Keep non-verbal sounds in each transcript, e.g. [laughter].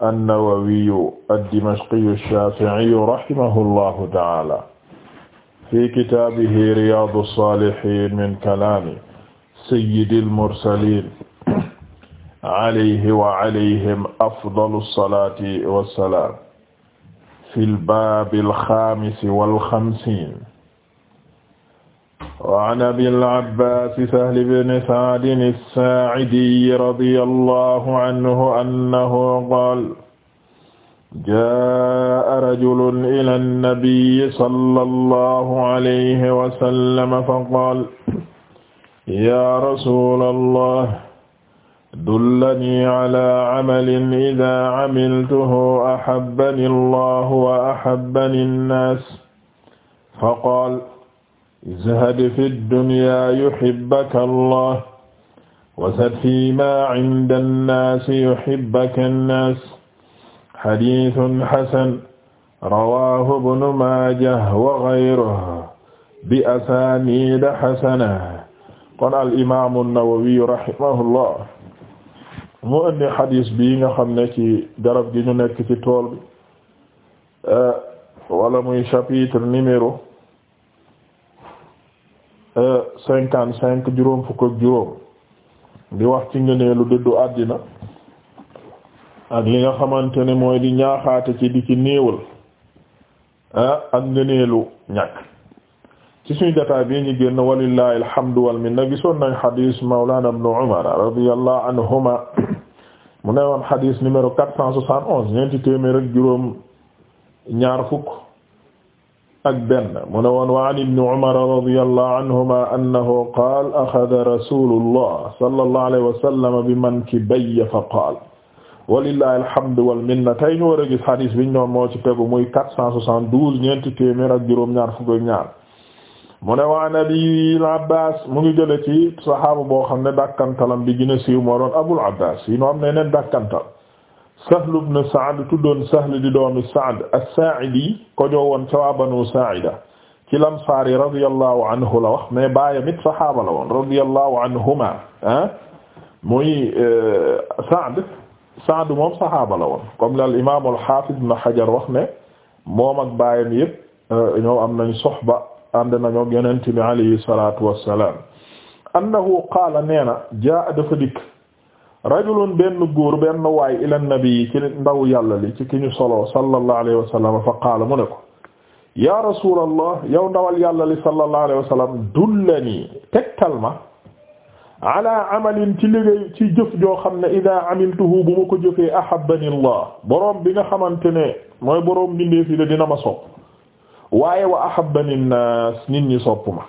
an-Nawawiyu ad-Dimashqiyu ash-Shafi'iyu rahimahullahu ta'ala fi kitaabihi Riyaadu s-Saalihiin min kalaami sayyidil mursaliin alayhi wa alayhim afdalu s-salaati wa s-salaam fil baabil xaamis wal xamsiin waan abil abbaasi sahli bni saadin as-saacidiy radiyallahu anhu annahu qaala jaa'a rajulun ilaa nabiyyi sallallahu alayhi wa sallam faqaala yaa rasuulallah dullanii calaa camalin idaa camiltuhu ahabbani allahu wa ahabbani nnaas faqaala izhad fi dunya yuhibbaka allah wasad fi ma inda annaasi yuhibbaka annaas xadiisun xasan rawaahu ibnu maajah wa gayruhu bi asaaniida xasana kon al imaamu nawawi rahimahullah mu indi xadis bii nga xam ne ci garab gi ñu nekk ci tool bi euh, wala muy chapitre numéro cinquante cinq juróom fukk ak juróom di wax ci ngëneelu dëddu àddina ak li nga xamante ni mooy di ñaaxaate ci di ci néewal ah, ak ngëneelu ñàkk ci suñu jotaay bi ñu génn walillahi alhamdu wal minna gisoon nañ xadiis mawlana ibn umar radiyallahu anhuma mu ne woon xadiis numéro quatre cent soixante onze ñeenti téeméer ak juróom ñaar fukk ak benn mu ne woon wa an ibni umara radiyallahu anhuma annahu qaal axada rasulullah sallallahu alayhi wa sallam bi mankibayya fa qaal walillahi alhamdu wal minna tey war a gis hadis biñ noon moo ci tegu muy quatre cent soixante-douze ñeenti téeméer ak juróom-ñaar fukk ak ñaar mu ne wa an abil abbas mu ngi jële ci sahaaba boo xam ne dàkkantalam bi gën a siiw moo doon Sahl ibn Sa'd tuddoon Sahl di doomi Sa'd as-Saa'idi ko joowoon ca waa Banu Saa'ida ci Ansaar yi radiyallahu anhu la wax mais baayam it saxaaba la woon radiyallahu anhuma ah muy eh, Sa'd Sa'd moom saxaaba la woon comme la al-imaam al-Haafiz Ibn Hajar wax ne moom ak baayam yëpp eh, ñoom am nañ soxba ànd nañoo ak Yonent bi alayhi salaatu wa salaam annahu qaala nee dikk rajulun benn góor benn waay ila nabi ci ndaw yàlla li ci ki ñu solo sallallahu alayhi wa sallam fa qaala mu ne ko ya rasulallah yow ndawal yàlla li sallallahu alayhi wa sallam dullani tegtal ma ala amalin ci liggéey ci jëf joo xam ne ida amiltuhu bu ma ko jëfee ahabbani allah boroom bi nga xamante ne mooy boroom bindee fi de dina ma sopp waaye wa ahabbani nnaas nit ñi sopp ma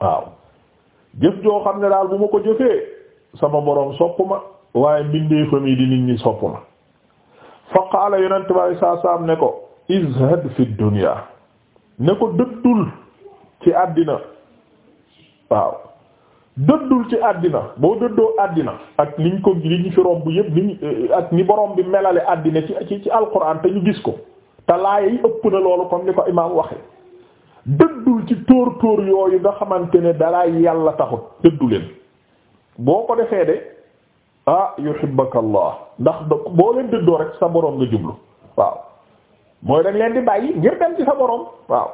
waaw jëf joo xam ne daal bu ma ko jëfee sama boroom sopp ma waaye mbindeefam yi di nit ñi sopp ma fa qaala yonent baay saa saam ne ko izhad fi dunya ne ko dëddul ci àddina waaw dëddul ci àddina boo dëddoo àddina ak liñ ko li ñu fi romb yépp liñ ak ni borom bi melale àddina ci ci ci alquran te ñu gis ko te yi ëpp na loolu comme ni ko imaam waxe dëddul ci tóor tóor yooyu nga xamante ne dalay yàlla taxut dëddu leen boo ko defee de ah yuhibbaka Allah ndax boo leen dëddoo rek sa boroom nga jublu waaw mooy da leen di bàyyi ngir dem ci sa boroom waaw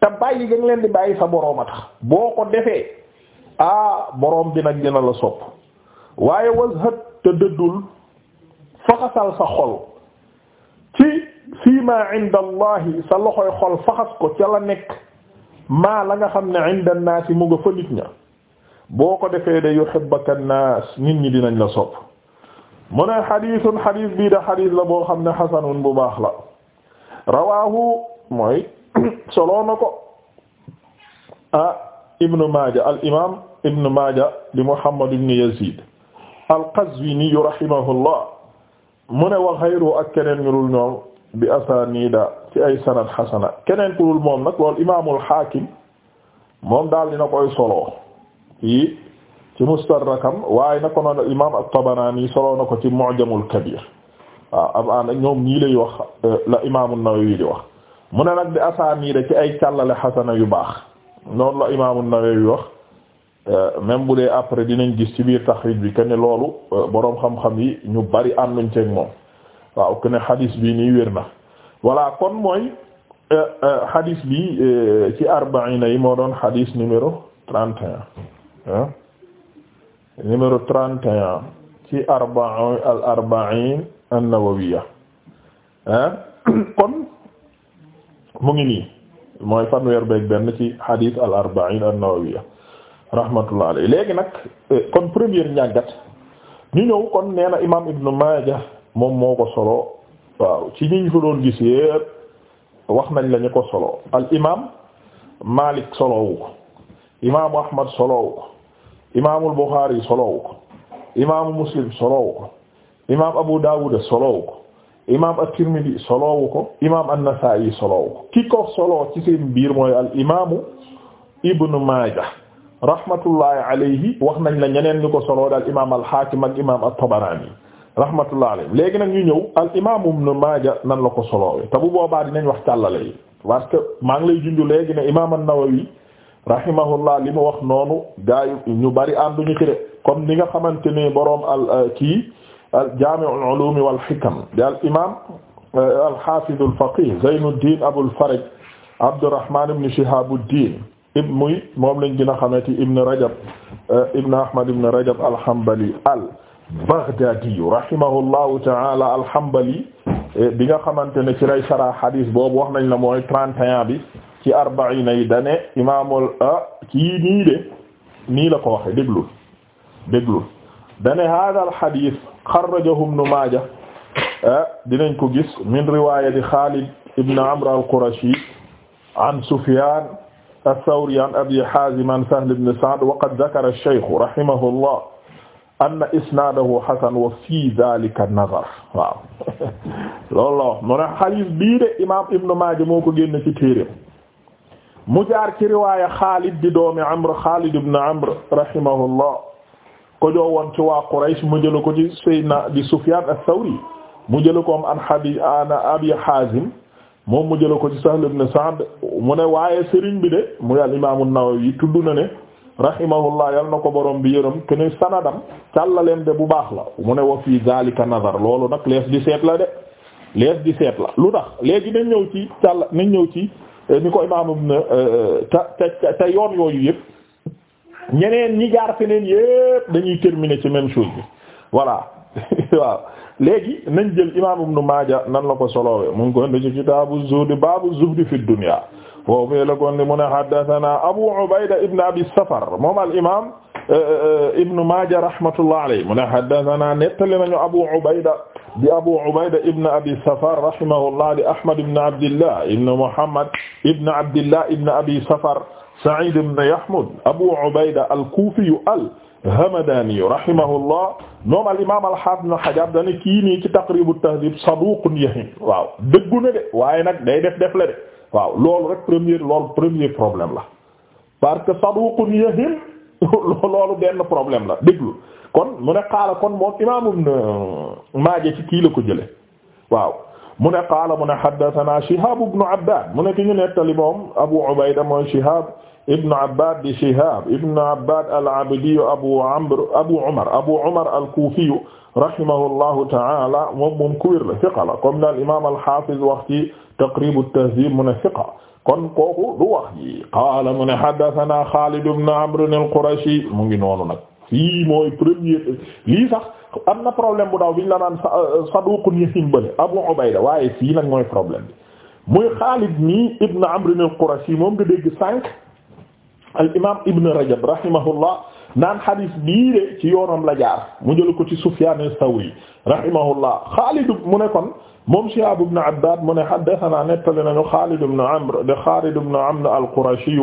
te bàyyi ga nga leen di bàyyi sa boroom a tax boo ko defee ah boroom bi nag dina la sopp waaye wazhat te dëddul faxasal sa xol ci fii ma sa loxoy xol faxas ko ca la nekk maa la nga xam ne inda naasi mu nga fa nit ña boo ko defee de yuhibbaka an-naas nit ñi dinañ la sopp mu ne bii de xadiis la boo xam ne xasanun bu baax la rawaahu mooy [coughs] solo na ko ah ibnu maaja al imaam ibnu maaja di muhammad ibnu yaziid al qazwini rahimahullah mu ne wa xayru ak keneen ñu dul ñoom bi asaaniida ci ay sanad xasana keneen ku dul moom nag loolu imaamul xaakim moom daal yi ci mustadrakam waaye na ko noonu imaam at-Tabarani soloo na ko ci Mu'jamul Kabir waaw am aan ñoom ñii lay wax euh, la imaam an-Nawawi di wax mu ne nag bi asaaniida ci ay càllale xasana yu baax noonu la imaam an-Nawawi wax euh, même bu dee après dinañ gis ci biir taxrij bi que loolu euh, boroom xam-xam yi ñu bari ànduñ ceeg moom waaw que ne xadiis bi nii wér na voilà kon mooy xadiis bi ci arbaina yi moo doon xadiis numéro trente un ah numéro 31 ci arba'in al arba'in an-nawawiyya ah [coughs] kon mu ngi nii mooy fanweer beeg benn ci hadith al arba'in an-nawawiyya rahmatullah alayhi léegi nag eh, kon première njàngat ñu ñëw kon nee na imaam Ibn Maaja moom moo ko solo waaw ci ñi ñu fa doon gis wax nañ la ñu ko solo al imaam Maalik solowu ko imaamu Ahmad solowu ko. imaamul Buxaari solowu ko imaamu Muslim solowu ko imaam Abu Daawud solowu ko imaam at-Tirmidi solowu ko imaam an-Nasaa'i solowu ko ki ko solo ci seen biir mooy al imaamu Ibn Maaja rahmatullahi alayhi wax nañ na ñeneen ñu ko solo daal imaam al-Haakim ak imaam at-Tabaraani rahmatullahi alayhi léegi nag ñu ñëw al imaamu Ibn Maaja nan la ko solowee te bu boobaa dinañ wax càllale yi parce que maa ngi lay junj léegi ne imaam an-Nawawi rahimahullah li mu wax noonu gaayu ñu bari ànduñu ci de comme ni nga xamante ni boroom al euh, kii al jaami'ul ulum wal hikam di al imaam euh, al haafiz al faqih Zaynuddin Abul Faraj Abdurrahman ibn Shihabuddin ibn muy moom lañ gën a xamante ibn Rajab euh, ibn Ahmad ibn Rajab al Hanbali al Baghdadi rahimahullahu ta'ala al Hanbali eh, bi nga xamante ne ci lay sarah hadis boobu wax nañ la mooy 31 bi. ci arbaina yi dane imaamul ah kii nii de nii la ko waxe déglul déglul dane hada al hadith xarrajahu ibnu maaja ah, dinañ ko gis min riwayati xaalid ibn amr al qurashi an sufyan ath-thawri an abi hazim an sahl ibn sa'd wa qad dhakara ash-shaykh rahimahullah anna isnaadahu hasan wa fi dhalika nazar waaw [laughs] loolu la mu ne xadiis bii de imaam Ibn Maaja moo ko génne ci téereem mu jaar ci riwaaya Xaalid di doomi Amr Xaalid ibn Amr rahimahullah ko joowoon ci waa Quraysh mu jëla ko ci na di Sufyaan as-Sawri mu jëla ko am an habi an Abi Haazim moom mu jëla ko ci Sahl ibn Sa'd mu ne waaye sëriñ bi de muy al imaam an-Nawawi tudd na ne rahimahullah yal na ko borom bi yërëm kene sanadam càllaleem de bu baax la mu ne wa fii zalika nazar loolu nag lees di seet la de lees di seet la lu tax léegi nañ ñëw ci càll nañ ñëw ci Euh, ni ko imaamam na euh, euh, te te te yoon yooyu yëpp ñeneen ñi jaar feneen yëpp dañuy terminer ci même chose bi voilà [laughs] waaw nañ jël maaja nan la ko solowee ko indi ci kitaabu zuhd baabu zuhd fi dunya foofu la ko indi mu ne haddathana abu ubayda ibn abi safar moom al imaam ibnu maaja rahmatullah alayhi mu ne haddathana nettali nañu abu ubayda di Abu Ubayda ibn Abi Safar rahimahullah di Ahmad ibn Abdillah ibn Muhammad ibn Abdillah ibn Abi Safar Sa'id ibn Yahmud Abu Ubayda al-Kufi al-Hamadani rahimahullah al-Imam al-Hafiz Ibn Hajar dana kii nii ci Taqrib at-Tahdhib saduqun yahin waaw dëggu na de waaye nag day def def la de waaw loolu rek premier loolu problème la parce que saduqun yahin [laughs] loolu benn problème la déglu kon mu ne qaala kon moom imaam ibn Maaja ci kii la ko jële waaw mu ne qaala mu ne haddathana Shihab ibn Abbad mu ne ki ñu nettali moom Abu Ubayda mooy Shihab ibn Abbad di Shihab ibn Abbad al-Abdi Abu Amr Abu Umar Abu Umar al-Kufi rahimahullahu ta'ala moom moom ku wér la thiqa la comme daal imaam al-Hafiz wax ci Taqrib at-Tahdhib mu ne thiqa kon kooku du wax ji qaala mu ne haddathana Khalid ibn Amr al-Qurashi mu ngi noonu nag fii mooy premier lii sax am na problème bu daw bi ñu la naan euh, saduqun yasim bële Abu Ubayda waaye fii nag mooy problème bi muy Xaalid nii Ibn Amr al-Qurashi moom nga dégg sànq al imaam Ibn Rajab rahimahullah naan xadis bii ci yoonam la jaar mu jël ko ci Sufyaan as-Sawri rahimahullah Xaalid mu ne moom Shihaab ibn Abbaad mu ne haddathanaa nettali nañu Xaalid ibn Amr de Xaalid ibn Amr al-Qurashi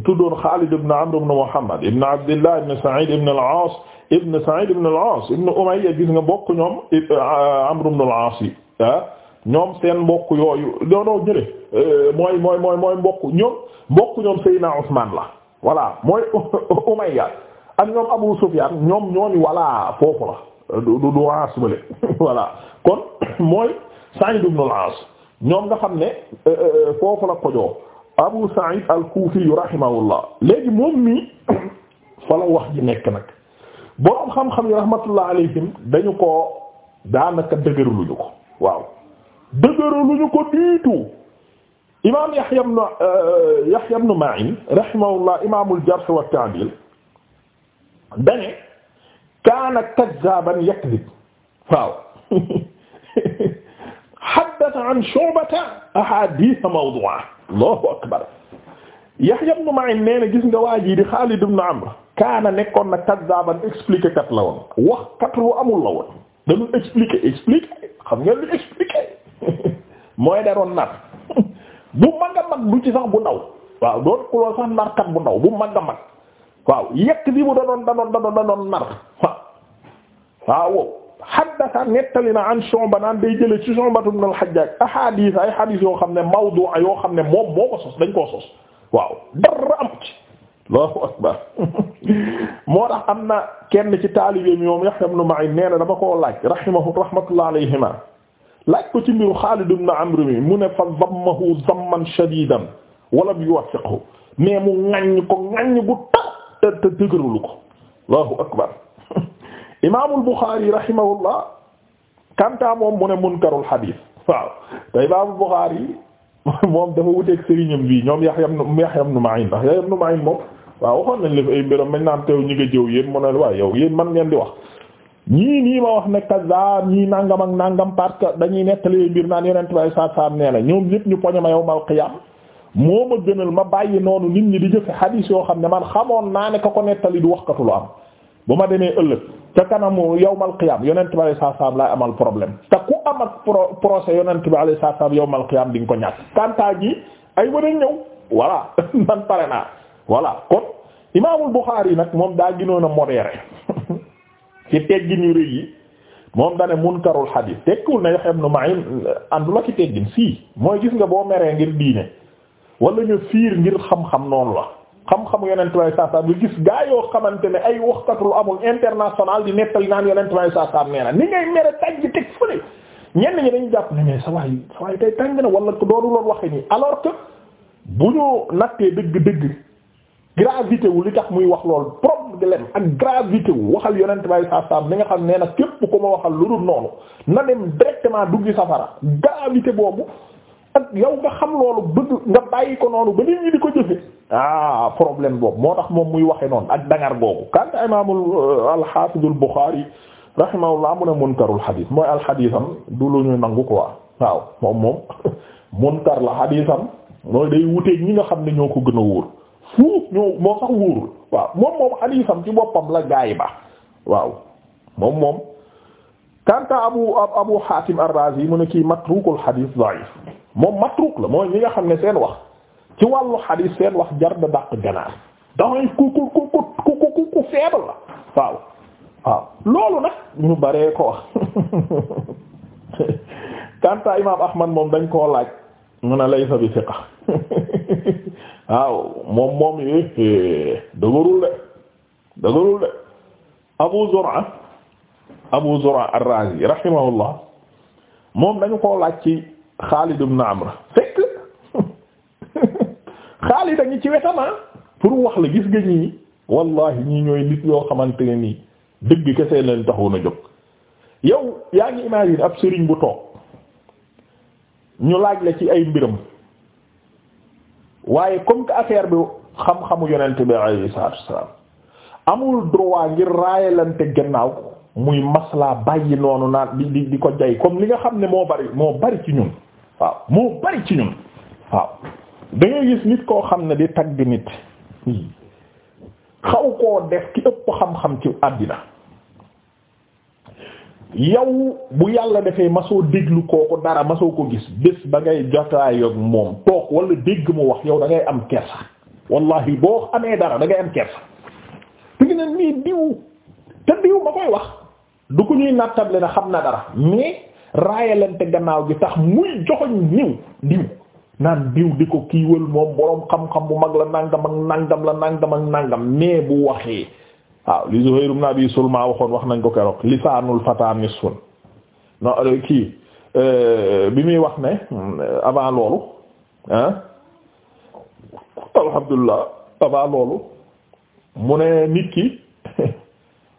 tuddoon Xaalid ibn Amr ibn Muhammad ibn Abdillah ibn Sa'id ibn al-Aas ibn Sa'id ibn al-Aas gis nga bokk ñoom eh, Amr ibn al yi ah, ñoom seen mbokk yooyu doonoo jële eh, mooy mooy mooy mbokk ñoom mbokk ñoom Seydina Usmaan la voilà mooy [laughs] Umayya ak ñoom Abu Sufyaan ñoom ñooñu voilà foofu la du du du Aas bële [laughs] voilà kon [coughs] mooy Sa'id ibn al ñoom nga xam ne eh, foofu la ko Abu Sa'id al-Kufi rahimahullah léegi moom mi [coughs] fa la wax ji nekk nag boroom xam-xam yi rahmatullah alayhim dañu koo daanaka dëgëraluñu ko waaw dëgëraluñu ko diitu imaam Yahya ibn euh, Yahya ibn Ma'in rahimahullah imaamul jarh wa ta'dil dane kaana kazzaaban yakdhib waaw [laughs] haddatha an Shu'bata ahaadiisa mawdu'a allahu akbar Yahya ibn Ma'in nee na gis nga waa ji di Xaalid ibn Amr kaana nekkoon na kaddaaban expliqué kat la woon wax kat lu amul la woon dañu expliqué expliqué xam ngeen lu expliqué [laughs] mooy daroon nar [laughs] bu mag a du ci sax bu ndaw waaw doon ku lool sax nar kat bu ndaw bu mag a mag waaw yekk bi mu da doon da nar [laughs] waaw haddasa nettali na an Shu'ba naan day jële ci Shu'ba ibn al-Hajjaj ahadis ay hadis yoo xam ne mawdu' yoo xam ne moom moo ko sos dañ koo sos waaw dara am ci Allahu akbar [laughs] moo tax am na kenn ci taalibe mi moom Yahya ibn Ma'in nee na dama koo laaj rahimahu rahmatullah alayhima laaj ko ci mbiru Xaalid ibn Amr mi mu ne fa dammahu damman shadidan walam yuwaffiqhu mais mu ŋaññ ko ŋaññ gu tar te dëgërulu ko Allahu akbar imaamul Buxaari rahimahullah kanta moom mu ne munkarul xadiis waaw te imaamul Buxaari moom dafa wuteeg sëriñam bii ñoom Yaxya ibn Yaxya ibn Ma'in ndax Yaxya ibn Ma'in moom waaw waxoon nañ la fi ay mbiram mañ naan teew ñi nga jëw yéen mu ne waaw man ngeen di wax ñii nii ma wax ne kazaab ñii nangam ak nangam parce que dañuy nettali mbir naa yonent bay saat saam nee na ñoom ñépp ñu poñe ma yow mal qiyam moo ma gënal ma bàyyi noonu nit ñi di jëfe xadiis yoo xam ne man xamoon naa ne ka ko nettali du waxkatu lu am bu ma demee ëllëg ca kanamu yawmal qiyaam yonent bi alayhi salaam laay amal problème te ku am ak pro procès yonent bi alayhi salaam yawmal qiyaam di ko ñàkk. kanta gi ay ba dañ ñëw voilà [laughs] man pare naa voilà kon imaamul Buxaari nag moom daa gënoon a modéré [laughs] ci teggin yu rëy yi moom da ne munkarul xadiis tekkiwul na Yahya ibn Ma'in àndul ak ci teggin sii mooy gis nga boo meree ngir diine wala ñu fiir ngir xam-xam noonu la. xam-xamu yonent way saa saa bi gis gaa yoo xamante ne ay waxkatul amul international di nettali naan yonent way saa saa nee na ni ngay mere tànj teg fële ñenn ñi dañu jàpp ne mais sa waay sa waay tey tàng na wala ko doonu loon waxe nii alors que bu ñu nattee dëgg-dëgg gravité li tax muy wax loolu problème ak gravité wu waxal yonent bay saa saa nga xam nee na képp ko ma waxal lu dul noonu na dem directement duggi safara gravité boobu ak yow xam loolu bëgg nga bàyyi ko noonu ba nit ñi di ko jëfe ah problème boobu moo tax moom muy waxe noonu ak dangar googu kanta imaamul euh, alxaafidul Buxaari rahimahullah mu ne munkarul xadiis mooy alxadiisam du lu ñu nangu quoi waaw moom moom [laughs] munkar la xadiisam mooy day wuteeg ñi nga xam ne ñoo ko gën a wóor fuuf ñoo moo sax wóorul waaw moom moom xadiisam ci boppam la gaay ba waaw moom moom kanta abu abu Xaatim ar-Raazi mu ne kii matrukul xadiis da'if moom matruk la mooy ñi nga xam ne seen wax ci wàllu xadiis seen wax jar da dàq ganaar dangay ku ku ku ku ku ku feebal la waaw waaw loolu na ñu baree ko wax [laughs] kanta imaam ahmad moom dañ koo laaj mun a laysa bi siqa [laughs] waaw moom moom yi eh, dëgërul de dëgërul de abu zur'a abu zur'a ar-razi rahimahullah moom dañu koo laaj ci Xaalid ibn Amr fekk [laughs] Xaalid a ngi ci wetam ah. pour wax la gis nga ñii wallahi ñi ñooy nit ñoo xamante ne nii dëgg kese leen taxoon a jóg yow yaa ngi imagine ab sëriñ bu toog ñu laaj la ci ay mbiram waaye comme que affaire bi xam-xamu yonent bi alayhi salaatu wa salaam amul droit ngir raayalante gannaaw muy maslaa bàyyi noonu naan di di di ko jay comme li nga xam ne moo bari moo bari ci ñun waaw moo bari ci ñun waaw da gis nit koo xam ne di tagg nit xaw koo def ki ëpp xam-xam ci àddina yow bu yàlla defee masoo déglu kooku dara masoo ko gis bés ba ngay jotaay ak moom toog wala dégg mu wax yow dangay am kersa wallahi boo amee dara dangay ngay am kersa te ngi nii diw te diw ma koy wax du ko ñuy nattable na xam na dara mais raayalante gannaaw gi tax muy joxoñ niw diw naan diw di ko kiiwal moom boroom xam-xam bu mag la nangam ak nangam la nangam ak nangam mais bu waxee waaw li Zuhayr ibn Abi Sulma waxoon wax nañ ko keroog lisaanul fata nisfun no euh, kii euh, bi muy wax ne euh, avant loolu ah avant loolu mu ne nit ki [laughs]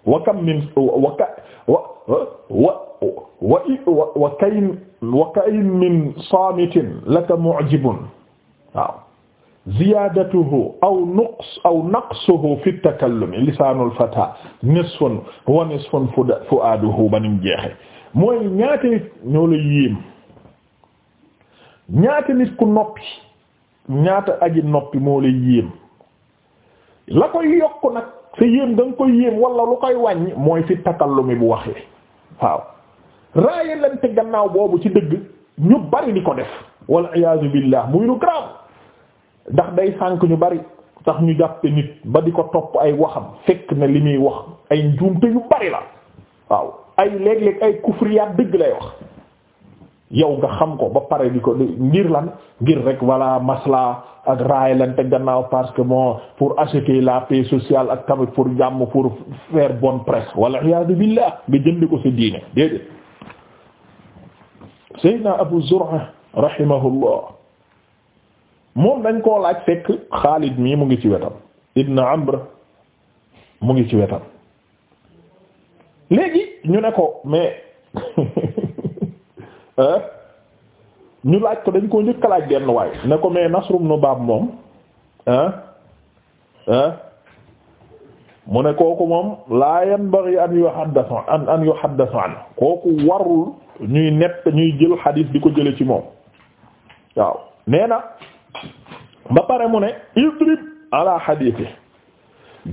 wa kam min wa ka wa wa wa wa kayin wa kayin min saamitin laka mu'jibun waaw ziyaadatuhu aw nuqs aw naqsuhu fi takallumi lisaanul fata nisfun wa nisfun fu'aaduhu ba nim jeexe mooy ñaata nit ñoo la yéem ñaata nit ku noppi ñaata aji noppi moo la yéem la koy yokk nag sa yéem da nga koy yéem wala lu koy wàññi mooy fi takallumi bu waxee waaw raaya lante gannaaw boobu ci dëgg ñu bari di ko def wal iyaazu billah muy lu grave ndax day sànk ñu bari tax ñu jàppe nit ba di ko topp ay waxam fekk na li muy wax ay njuumte yu bari la waaw ay léeg-léeg ay kufriyaat dëgg lay wax yow nga xam ko ba pare di ko ngir lan ngir rek wala masla ak raay lan te gannaaw parce que bon pour acheter la paix sociale ak tamit pour jàmm pour faire bonne presse wala iyaadu billah nga jënd ko sa diine déedéet Seydina Abu Zur'a rahimahullah moom dañ koo laaj fekk Xaalid mii mu ngi ci wetam Ibn Amr mu ngi ci wetam léegi ñu ne ko mais ñu laaj ko dañ koo njëkk laaj benn waay ne ko mais nasrum nu baab moom ah ah mu ne kooku moom laa yanbaghi an yuhaddathu an an yuhaddathu an kooku warul ñuy nett ñuy jël xadiis di ko jële ci moom waaw nee na ba pare mu ne idrib ala xadiisi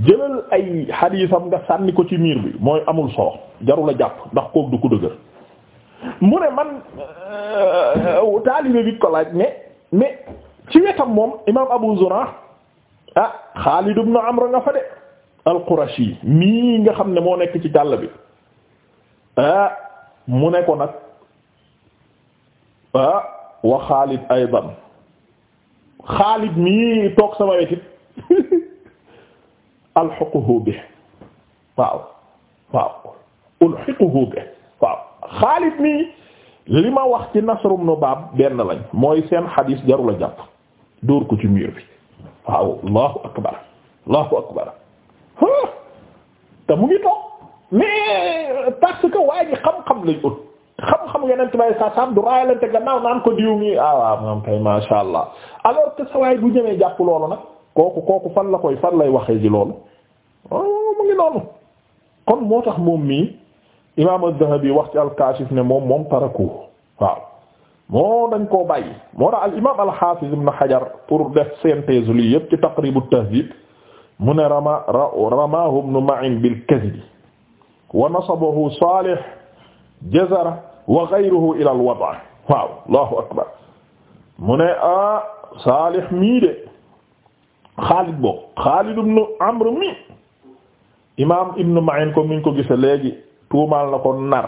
jëlal ay xadiisam nga sànni ko ci miir bi mooy amul solo jarul a jàpp ndax kooku du ko dëgër mu ne man euh, taalibe bi ko laaj mais mais ci wetam moom imam Abu Zur'a ah Xaalid ibn Amr nga fa de al-Qurashi mii nga xam ne moo nekk ci jàll bi ah mu ne ko nag ah wa Xaalid aydan Xaalid mii toog sama wetit alxiquhu bi waaw waaw ulxiquhu bi waaw Xaalid nii li ma wax ci Nasr ibn Baab benn lañ mooy seen xadiis jarul jàpp dóor ko ci mur bi waaw allahu akbar allahu akbar te xam-xam lañ ut xam-xam ah, bu ñëwee jàpp loolu nag kooku kooku fan la koy fan lay waxee ji loolu oh, mu ngi noonu kon moo tax moom mii imaam az-Zahabi wax ci al-Kaashif ne moom moom taraku waaw moo dañ koo bàyyi moo tax al imaam al-Haafiz ibn Hajar pour def synthèse lii yëpp ci Taqrib at-Tahdhib mu ne rama ramaahu ibn Ma'in bil kadhib wa nasabahu Saalih Jazara wa ghayruhu ila al-wad' waaw Allahu akbar mu ne ah Saalih mii de Xaalid boobu Xaalid ibn Amr mi imaam ibn Ma'in ko mi ngi ko gise léegi. tuumaal na ko nar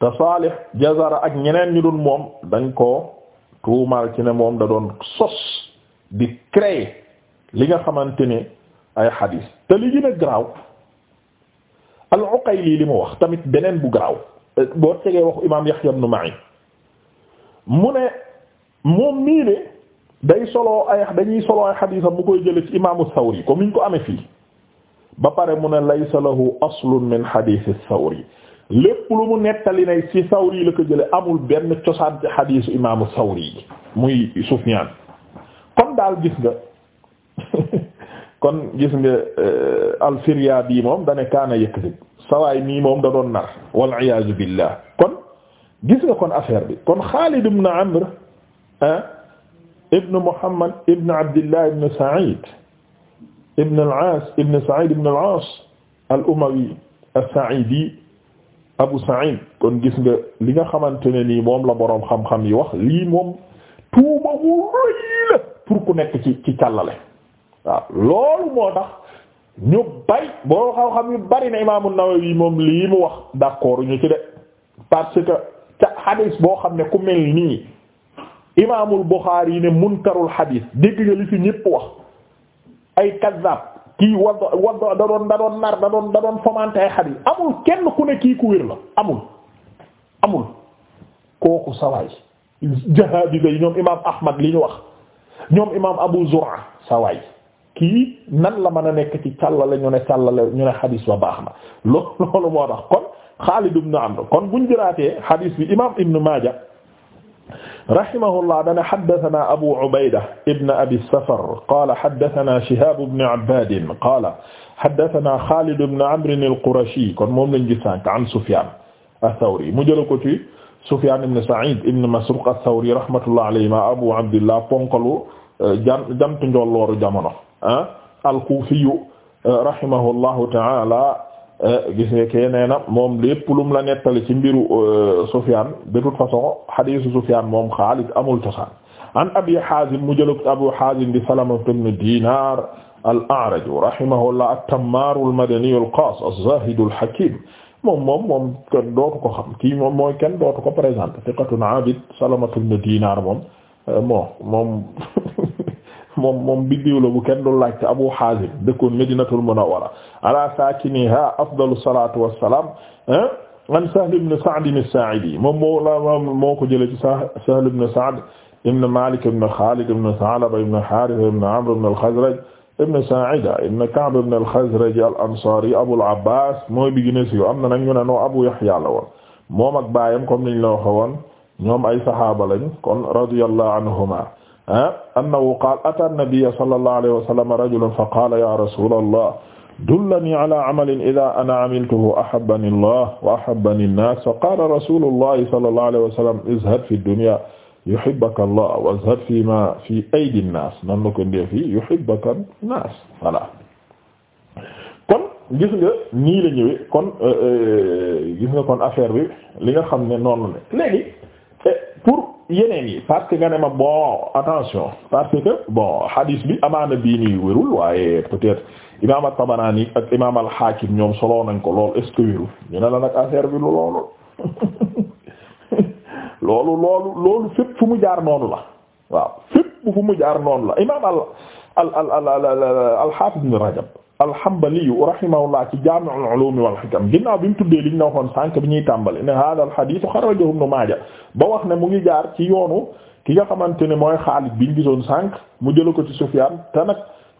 te Salih jazara ak ñeneen ñu dul moom dañ ko tuumaal ci ne moom da doon sos di créer li nga xamante ni ay xadiis te li gën a garaaw al-Uqayli li mu wax tamit beneen bu garaaw boo tegee waxu imaam Yahya ibn Ma'in mu ne moom mii de day soloo ay dañuy soloo ay xadiisam mu koy jële ci imaamu Sawri comme ñu ko amee fii ba pare mu ne laysa lahu aslun min xadiisi Sawri lépp lu mu nettali ne ci Sawri li ko jële amul benn cosaan ci xadiisu imaamu muy Sufyaan kon daal gis nga [laughs] kon gis nga euh, al-Firyaabi moom dane kaana yakzib sawaay mi moom da doon wal iyaazu billah kon gis kon affaire bi kon Xaalid ibn Amr ah, ibn Muhammad ibn Abdillah ibn Sa'iid ibn al-Aas ibn Sa'id ibn al al-Umawi as-Sa'idi Abu Sa'id kon gis nga li nga xamante ne nii moom la boroom xam-xam yi wax lii moom tuuma wu rëy pour ku nekk ci ci càllale waaw loolu moo tax ñu bari boroom xam yu bari na Imaam nawawi moom lii mu wax d'accord ñu ci de parce que ca xadiis boo xam ne ku mel nii Imaamul Buxaari yi ne munkarul xadiis dégg nga li fi ñépp wax. ay kazzab kii wadd wadd da doon da doon nar da doon da xadiis amul kenn ku ne kii ku wér la amul amul kooku sawaay jahabi day ñoom imaam ahmad li ñu wax ñoom imaam abu zur'a sawaay kii nan la mën a nekk ci càllale ñu ne càllale ñu ne xadiis ba baax na loolu moo tax kon Xaalid am Amr kon buñ jëlaatee xadiis bi imaam Ibn Maaja rahimahullah dana haddasanaa abu ubayda ibn abi safar qaala haddasanaa shihaab ibn abbaad qaala haddasanaa xaalid ibn amr al-qurashi kon moom lañ gis sànq an sufyaan ath-thawri mu jël ko ci sufyaan ibn sa'iid ibn masruuq ath-thawri rahmatullahi alayhimaa abu abdillah ponkalu jam euh, jamtu njolooru jamono ah al-kuufiyu euh, rahimahullahu ta'aala Eh, gis nga kee nee moom lépp lum la nettali ci mbiru eh, Sufyaan de toute façon hadiisu Sufyaan moom Xaalid amul cosaan an Abi Haazim mu jël Abu Haazim bi Salama ibn Diinaar al-A'raj rahimahullah at al-Madani al-Qaas az-Zaahid al-Hakiim moom moom moom kenn dootu ko xam kii moom mooy kenn dootu ko présenté thiqatun aabid Salama ibn moom eh, moom [laughs] moom moom biddiw la bu kenn du laajte Abu Hazim dëkkoon Madinatul Munawwara ala saakiniha afdalu salaatu wa salaam an Sahl ibn Sa'd as-Saa'idi moom moo la moo ko jëlee ci Sahl ibn Sa'd ibn Malik ibn Khalid ibn Tha'laba ibn Harith ibn Amr ibn al-Khazraj ibn Sa'ida ibn Ka'b ibn al-Khazraj al-Ansari Abul Abbas mooy bi gën a siiw am na nag ñu ne noo Abu Yahya la woon moom ak baayam comme niñ la waxee woon ñoom ay saxaaba lañ kon radiyallahu anhuma Ah, annahu qaala ataa nabiyya sallallahu alayhi wa sallam rajulun fa qaala ya rasulallah dullanii ala amalin idaa ana amiltuhu ahabbani allah wa ahabbani an-naas fa qaala rasulullahi sallallahu alayhi wa sallam izhad fi dunya yuhibbuka allah wa izhad fi ma fi aydi an-naas nan la ko ndee fii yuhibbuka an-naas voilà kon gis nga nii la ñëwee kon euh, euh, gis nga kon affaire bi li nga xam ne noonu la léegi yeneen yi nga ne ma bon attention parce que bon hadith bi amaana bii nii wérul waaye peut-être imaam at-Tabarani ak imaam al ñoom solo nañ ko lool est-ce que wérul ñu ne la nag affaire bi lu loolu loolu loolu loolu fépp mu jaar noonu la waaw mu jaar noonu la imaam al al al al al al al al al al al al al al-Hanbali rahimahullah ci Jaami'ul Ulum wal Hikam ginnaaw bi mu tuddee li ñu waxoon sànq bi ñuy tàmbali ne hada al-hadith xarajahu Ibn Maaja ba wax ne mu ngi jaar ci yoonu ki nga xamante ne mooy Xaalid bi ñu gisoon sànq mu jëla ko ci Sufyaan te nag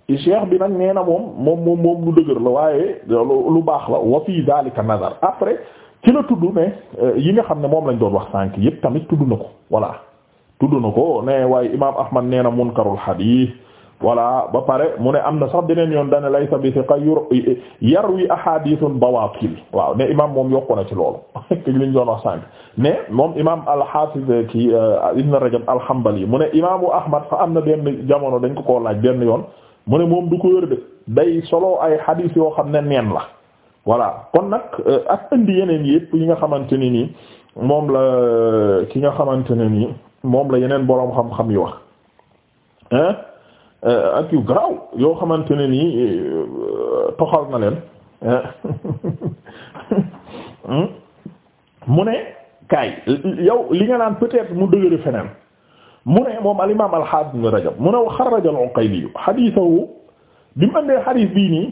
cheikh bi nag nee na moom moom moom moom lu dëgër la waaye lu baax la wa fii daalika nazar après ci la tudd ne euh, yi nga xam ne moom lañ doon wax sànq yëpp tamit tudd na ko voilà tudd na ko ne waaye imaam Ahmad nee na munkarul hadith voilà ba pare mu ne am na sax beneen yoon dane laysa bi thiqa yarwi ahadithun bawatil waaw ne imam moom yokku na ci loolu [laughs] liñ doon wax sànq mais moom imam al-Hafiz ki euh, Ibn Rajab al-Hanbali mu ne imamu Ahmad fa am na benn jamono dañ ko koo laaj benn yoon mu ne moom du ko wér de day solo ay hadith yoo xam ne neen la voilà kon nag euh, ak indi yeneen yëpp yi nga xamante ne nii moom la ki nga xamante ne nii moom la yeneen boroom xam-xam yi wax Euh, ak yu garaaw yoo xamante ne nii euh, toxal na leen [laughs] mu ne kaay yow li nga naan peut-être mu dëgëre feneen mu ne moom al imaam al haafid ibn Rajab mu ne wa xaraja al Uqayli hadiisahu bi mu andee hadiis bii nii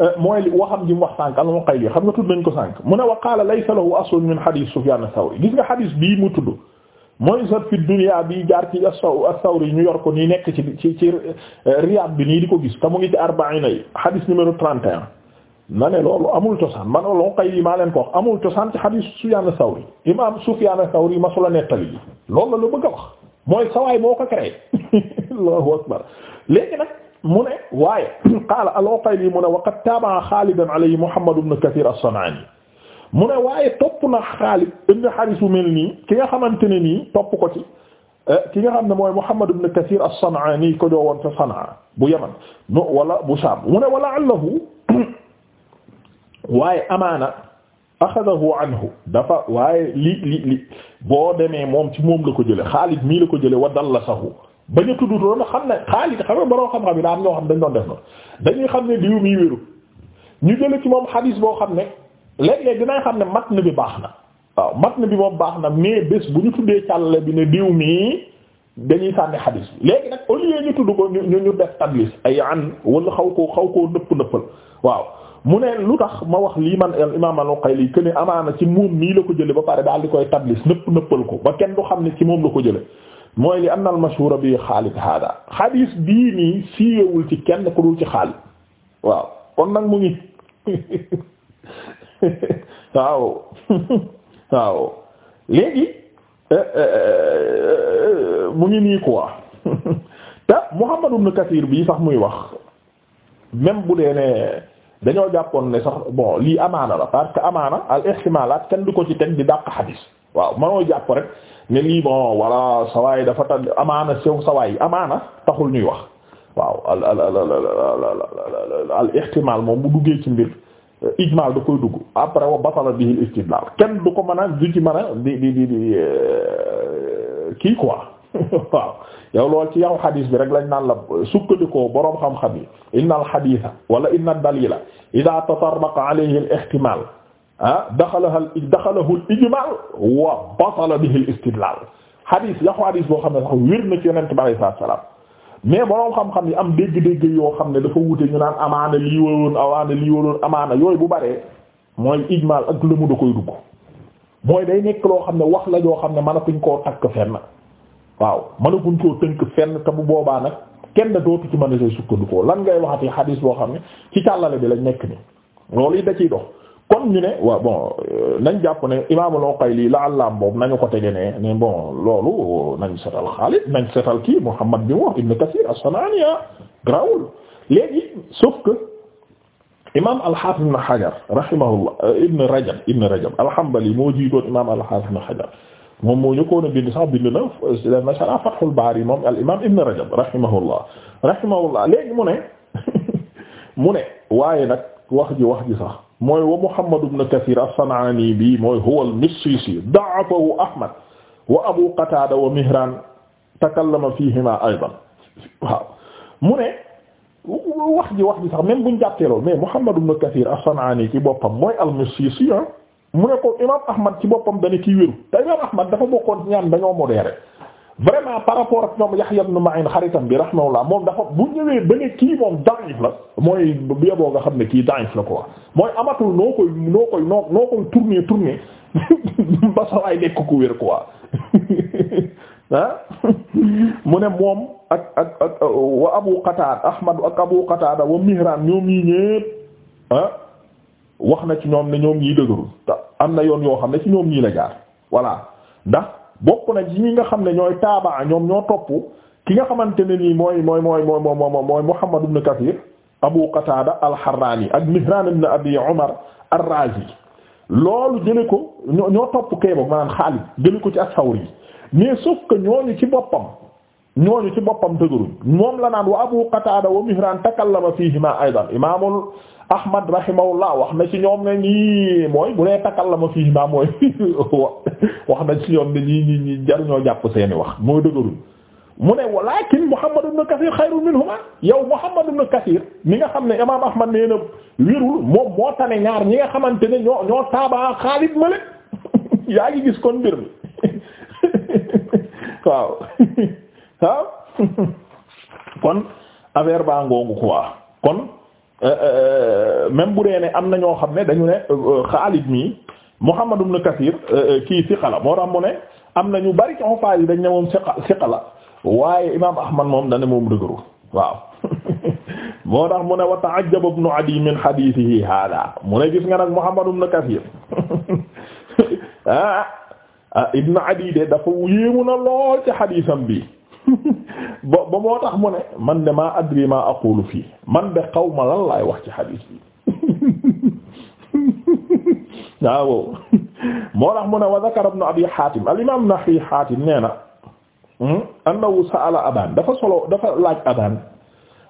euh, mooy ji mu wax sànq al Uqayli xam nga tudd nañ ko sànq mu ne wax qaala laysa lahu aslun min hadiis Sufyaan as-Sawri gis nga hadiis bii mu tudd. mooy sat fi dunya bi jaar ci as-Sawri ñu yor ko nii nekk ci ci ci Riyad bi nii di ko gis te mu ngi ci arbaina yi hadith numéro 31 na ne loolu amul cosaan man loolu kay yi maa leen ko wax amul cosaan ci hadith Sufyan as-Sawri imam Sufyan as-Sawri masula nettali bi loolu la lu bëgg a wax mooy sawaay moo ko créé [laughs] Allahu akbar léegi nag mu ne waaye [coughs] qaala al-Uqayli mu ne wa qad taaba Xaalidan alayhi Muhammad ibn Kathir as-San'ani mu ne waaye topp na Xaalid ibn Haaris bu mel nii ki nga xamante ne nii topp ko ci eh, ki nga xam ne mooy Muhammad ibn Kathir as-San'aani ko joo woon ca Sanaa bu Yaman wala bu Shaam mu ne wala allahu [coughs] waaye amaana axadahu anhu dafa waaye li li li boo demee moom ci moom la ko jële Xaalid mii la ko jële wa dallasahu bañ a tudd doon xam ne Xaalid xam ne baroo xam-xam yi daa ñoo xam dañ doon def noonu dañuy xam ne diw mii wéru ñu jële ci moom xadiis boo xam ne léeg-léeg xam ne matn bi baax na waaw matn bi moom baax na mais bés bu ñu tuddee càll bi ne diw mii dañuy sànni xadis bi léegi nag au lieu ñu tudd ko ñu ñu def tablis ay an wala xaw koo xaw koo nëpp nëppal waaw mu ne lu tax ma wax lii man imaam al-Uqayli que ne amaana ci moom mii la ko jële ba pare daal di koy tablis nëpp nëppal ko ba kenn du xam ne ci moom la ko jële mooy li anna al-mashhura bi Xaalid hada xadis bii nii siiwewul ci kenn ku ci Xaalid waaw kon mu ngi [laughs] waaw waaw léegi mu ngi nii quoi te Muhammad ibn Kathir bii sax muy wax même bu dee ne dañoo jàppoon ne sax bon lii amaana la parce que amaana al ihtimaalaat kenn du ko ci teg di dàq xadis waaw manoo jàpp rek ne lii bon voilà sawaay dafa ta amaana sew sawaay amaana taxul ñuy wax waaw al al al al moom bu duggee ci mbir ijmal da koy dugg après wa batala bihi istidlal kenn du ko mën a du ci mën a di euh, kii quoi [laughs] lool ci yow xadis bi rek lañ naan la sukkandikoo borom xam-xam yi inna al xadisa wala inna dalila ida tatarraqa alayhi al ihtimal ah daxalaha daxalahu al ijmal wa batala bihi al istidlal xadis yow xadis boo xam ne sax wér bi alayhi salaam mais boroom xam-xam yi am dégg-dégg yoo xam ne dafa wute ñu naan amaana lii waloon amaana lii waloon amaana yooyu bu baree mooy ijmal ak lëmu da koy dugg mooy day nekk loo xam ne wax la yoo xam ne ko koo takk fenn waaw mënatuñ koo tënk fenn te bu boobaa nag kenn dootu ci mën a see sukkandikoo lan ngay waxati xadiis boo xam ne ci tàllale bi lañ nekk ni loolu yi da ciy dox kon ne waaw bon euh, nañ jàpp ne imaamul Uqayli la àllaam boobu nañu ko tege ne ne bon loolu nañ setal Xaalid nañ setal kii Muhammad bi wax Ibn Kathir as-San'aani ah, grawul léegi sauf que imaam al-Haafiz Ibn Hajar rahimahullah euh, Ibn Rajab Ibn Rajab al-Hanbali moo jiitoon imaam al-Haafiz Ibn Hajar moom moo a bind sax bind na def euh, na sharh Fathul Baari moom al-imaam Ibn Rajab rahimahullah rahimahullah léegi mu ne [laughs] mu ne waaye nag wax ji wax ji sax. mooy wa Muhammad ibn Kathir as-San'ani bi mooy huwa al-Missisi da'afahu Ahmad wa Abu Qatada wa Mihran takallama fihima aydan waaw mu ne wax ji wax ji sax même buñ jàppee loolu mais Muhammad ibn Kathir as-San'ani ci boppam mooy al-Missisi ah. mu ne ko imaam Ahmad ci boppam dana kii wéru te imaam Ahmad dafa bokkoon ñaan dañoo modéré vraiment par rapport ak ñoom Yahya ibn Ma'in xaritam bi rahimahullah moom dafa bu ñëwee ba ne kii moom da'if la mooy buyeboo nga xam ne kii da'if la quoi mooy amatul noo koy noo koy noo noo koy tourner tourner [laughs] ba sawaay nekk ku wér quoi [laughs] ah [laughs] mu ne moom ak ak ak uh, wa Abu Qatada Ahmad ak Abu Qatada wa Mihran ñoom yi ñépp ah, wax na ci ñoom ne ñoom ñii dëgërul am na yoon yoo xam ne ci ñoom ñii la jaar voilà ndax bokk na ñi nga xam ne ñooy taabaa ñoom ñoo topp ki nga xamante ne nii mooy mooy mooy mooy mooy mooy Muhammad ibn Kathir Abu Qatada al-Harrani ak Mihran ibn Abi Umar ar-Razi loolu jële ko ñoo topp kay boog maanaam Xaalid jële ko ci as-Sawri mais sauf que ñooñu ci boppam ñooñu ci boppam dëgëruñ moom la naan wa Abu Qatada wa Mihran takallama fihima aydan imaamul Ahmad rahimahullah wax na ci ñoom ne nii mooy bu dee takkal la ma fii maa mooy [laughs] wax na ci ñoom ne ñii ñii jaruñoo jàpp seeni wax moo dëgërul mu ne walakin Muhammad ibn Kathir xayrun minhuma yow Muhammad ibn Kathir mi nga xam ne imaam Ahmad ne na wérul moom moo tane ñaar ñi nga xamante ne ñoo ñoo taabaa Xaalid ma le [laughs] yaa ngi gis kon mbir mi [laughs] waaw waaw kon affaire baa ngoongu quoi kon Euh, euh, euh, même bu dee ne am na ñoo xam ne dañu ne Xaalid mii Muhammad ibn Kathir kii siqa moo tax mu ne am na ñu bari ci xofaa yi dañ ne moom siqa siqa waaye imaam Ahmad moom dane moom dëgëru waaw [laughs] moo tax mu ne wa ta'ajjaba ibn Adi min hadithihi hada mu ne gis nga nag Muhammad ibn Kathir [laughs] ah, ah ibn Adi de dafa yéemu na lool ci xadiisam bi [laughs] ba ba moo tax mu ne man de maa adri maa aqulu fii man de xaw ma lan laay wax ci xadiis bi [laughs] waaw moo tax mu ne wa zakara ibn abi xaatim al imaam ibn abi xaatim nee na hmm, annahu sa'ala abaan dafa solo dafa laaj abaan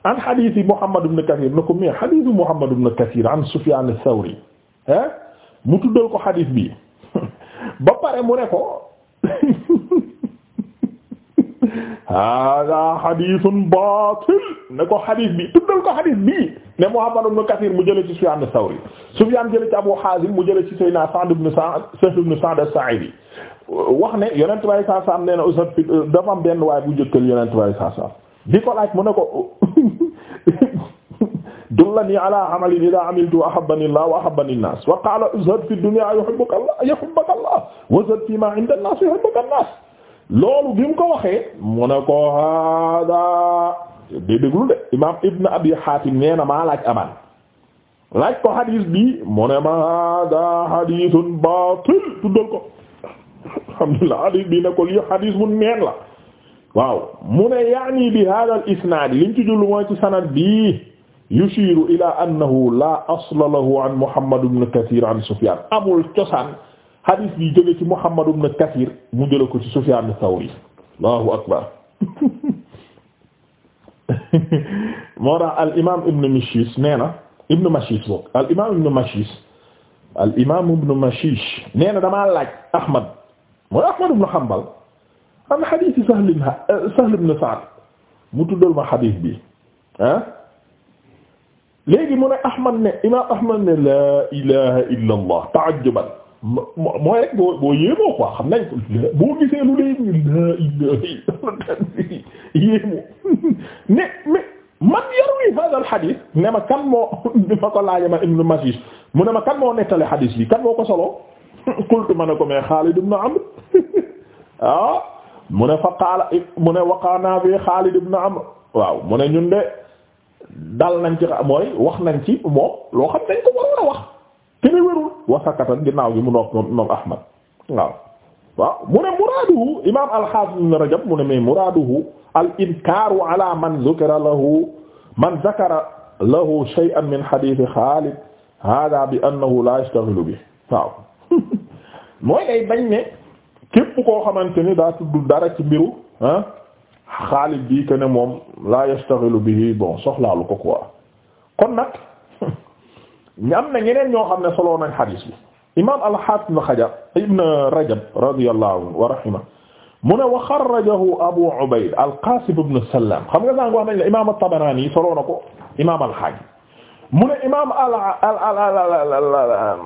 an xadiisi muhammad ibn kathir na ko mais xadiisu muhammad ibn kathir an sufyaan ath-thawri mu tuddal ko xadiis bi [laughs] ba pare mu ne ko hada hadithun batil ne ko hadith bi tuddal ko hadith bi ne Muhammad ibn Kathir mu jële ci Sufyan as-Sawri Sufyan jële ci Abu Hazim mu jële ci Sayyidina Sa'd ibn Sa'd Sahl ibn Sa'd as-Sa'idi wax ne yonent bi saa saam nee na usat dafa am benn waaye bu jëkkal yonent bi saa saam di ko laaj mu ne ko [laughs] dullani ala amalin idha amiltu ahabbani Allah wa ahabbani an-nas wa qala uzhad fi dunya yuhibbuka Allah yuhibbuka Allah wa uzhad fi ma inda an-nas yuhibbuka an-nas loolu bi ko waxee mu ne ko hada di déglu de imaam ibn abi hatim nee na maa laaj aman ko hadis bi mu ne ma hada hadithun batil tuddal ko alhamdulillah hadis bi ne ko lii hadis bu neen la waaw mu bi hada al isnad liñ ci jullu mooy ci sanad bi yushiru ila annahu la asla lahu an muhammad ibn kathir an sufyan amul cosaan hadith bi jóge ci Muhammad ibn Kathir mu jële ko ci Sufyan Thawri Allahu akbar [laughs] moo tax al imaam ibn Mashis nee na ibn Mashis boog al imaam ibn Mashis al imaam ibn Mashis nee na damaa laaj Ahmad mooy Ahmad ibn Hanbal am hadith Sahl Sahl ibn Sa'd mu tuddal ma hadith bi ah léegi mu ne Ahmad ne imaam Ahmad ne laa ilaaha illallah ta'ajjuban mooy rek boo boo yéemoo quoi xam nañ ko boo gisee lu dee yéemu ne mais man yarwi hadal xadis ne ma kan moo di ma ko laaja ma ibnu mu ne ma kan moo nettale xadis bi kan moo ko solo qultu ma ne ko mais Xaalid ibn Amr ah, mu ne fa mu ne waqaanaa bi Xaalid ibn waaw mu ne ñun de dal nañ ci mooy wax nañ ci moom loo xam dañ ko waroon a wax te ne wérul wasakatan ginnaaw gi mu noog noog Ahmad waaw waaw mu ne muraaduhu imaam al-Haafiz ibn Rajab mu ne mais muraaduhu al-inkaaru ala man dhukira lahu man dhakara lahu shay'an min hadiith Xaalid haadaa bi annahu laa yashtaghilu bihi waaw [laughs] mooy day bañ ne képp koo xamante ni daa tudd dara ci mbiru ah Xaalid bii que ne moom laa yashtaghilu bihi bon soxlaalu ko quoi kon nag. am na ñeneen ñoo xam ne soloo nañ xadiis bi imam al-Hafiz ibn Hajar ibn Rajab radiyallahu anhu wa rahima mu ne wa xarrajahu Abu Ubayd al-Qasim ibn Sallam xam nga sànq wax nañ la imam at-Tabarani yi soloo na ko imam al-Hakim mu ne imam al al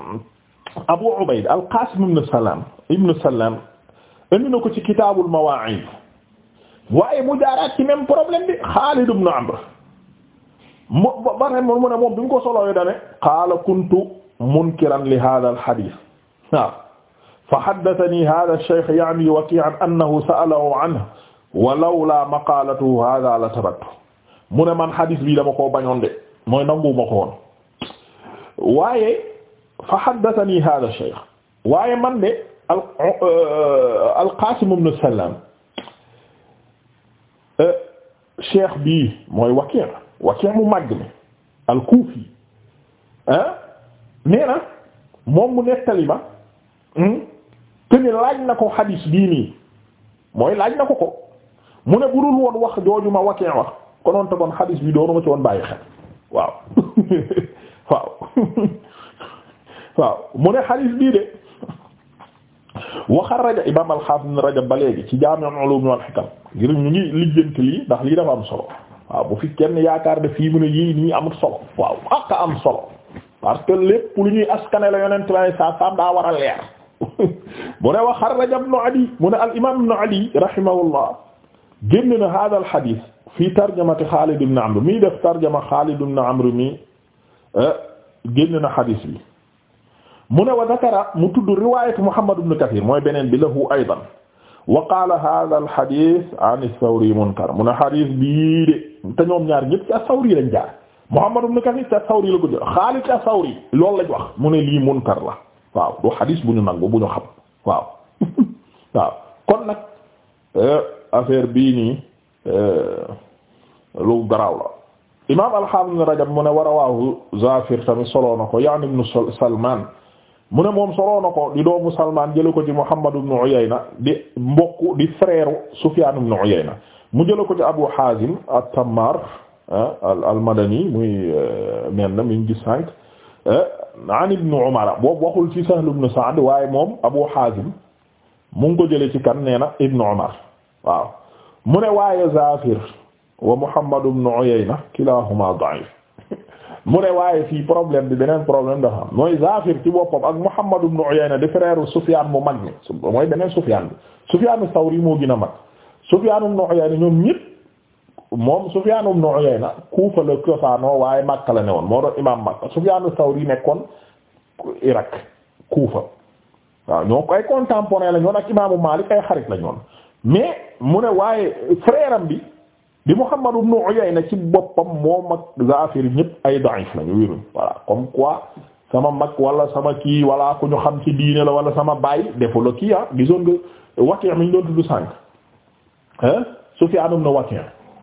Abu Ubayd al-Qasim ibn Sallam ibn Sallam indi na ko ci kitaabul Mawa'id waaye mu jaaraat ci même problème bi Xaalid ibn Amr mo ba pare mu ne moom bi mu ko solooyee da ne qaala kuntu munkiran li hada al hadith waaw fa haddathani hada ash-shaykh ya'ni waki'an annahu sa'alahu anhu wa lawla maqaalatuhu hada la tabattu mu ne man hadith bi dama koo bañoon de mooy nangu ma ko woon waaye fa haddathani hada ash-shaykh waaye man de al uh, al-Qaasim ibn Sallaam cheikh uh, bii mooy Waki' Waki' mu màgg mi al-Kufi ah nee na moom mu nettali ma te hmm, ni laaj na ko xadiis bii nii mooy laaj na ko ko mu ne bu dul woon wax jooju ma Waki' wax konoon te kon xadiis bi doonu ci woon bàyyi xel waaw [laughs] [laughs] waaw mu ne xadiis bii de waxa raja imaam al-Hafiz Ibn ba léegi ci Jaami' al-Ulum wal-Hikam ngir ñu ndax lii dafa am solo. waaw bu fi kenn yaakaar def fii mu ne yii nii amul solo waaw ak am solo parce que lépp lu ñuy askane la yonent bi saa saa daa war a leer [laughs] mu ne wa xaraja ibnu Ali mu ne al imaam ibnu Ali rahimahullah génn na hada al hadith fii tarjamati Xaalid ibn Amr def tarjama Xaalid ibn Amr mi eh, génn na hadith bi mu ne wa zakara mu tudd riwaayatu Muhammad ibn Kathir mooy beneen bi lahu aydan wa qaala hadha al hadith an as-Sawri munkar mu ne hadith bii de te ñoom ñaar ñëpp ci as-Sawri lañ jaar Muhammad ibn Kathir ci as-Sawri la ko jël Xaalid ci as-Sawri loolu lañ wax mu ne lii munkar la waaw du hadith bu ñu nangu bu ñu xam waaw [laughs] waaw kon nag euh, affaire bii nii euh, lu garaaw la imam al-Hafiz Ibn Rajab mu ne wa rawahu Zafir tamit solo na ko yaani ibn Salman mu ne moom soloo na ko di doomu Salmaan jële ko ci Muhammad ibn Uyayna di mbokk di frère Sufyaan ibn Uyayna mu jële ko ci Abu Haazim at-Tammaar ah, al-Madani muy eh, mel na mi ngi gis sànq eh, an ibn Umar waxul ci Sahl ibn Sa'd waaye moom Abu Haazim mu ko jële ci kan nee na ibn Umar waaw mu ne waaye Zaafir wa Muhammad ibn Uyayna kilaahumaa da'if mu ne waaye fii problème bi beneen problème dafa am mooy Zafir ci boppam ak Muhammad ibn Uyayna di frère Sufyan mu mag mi mooy beneen Sufyan bi Sufyan Sawri moo gën a mag Sufyan ibn Uyayna ñoom ñëpp moom Sufyan ibn Uyayna Kufa la waaye Makka la ne woon moo doon imam Makka Sufyan Sawri nekkoon Irak Kufa waaw ñoo ay contemporain la ñoon ak imaamu Malik ay xarit la ñoon mais mu ne waaye frère bi bi Muhammad ibn Uyayna ci boppam moo mag Zafir ñëpp ay da'if lañu wéruñ voilà comme quoi sama mag wala sama kii wala ku ñu xam ci diine la wala sama baay defu la kii ah gisoon nga Waki' mi ñu doon tudd sànq ah Sufyan ibn Waki'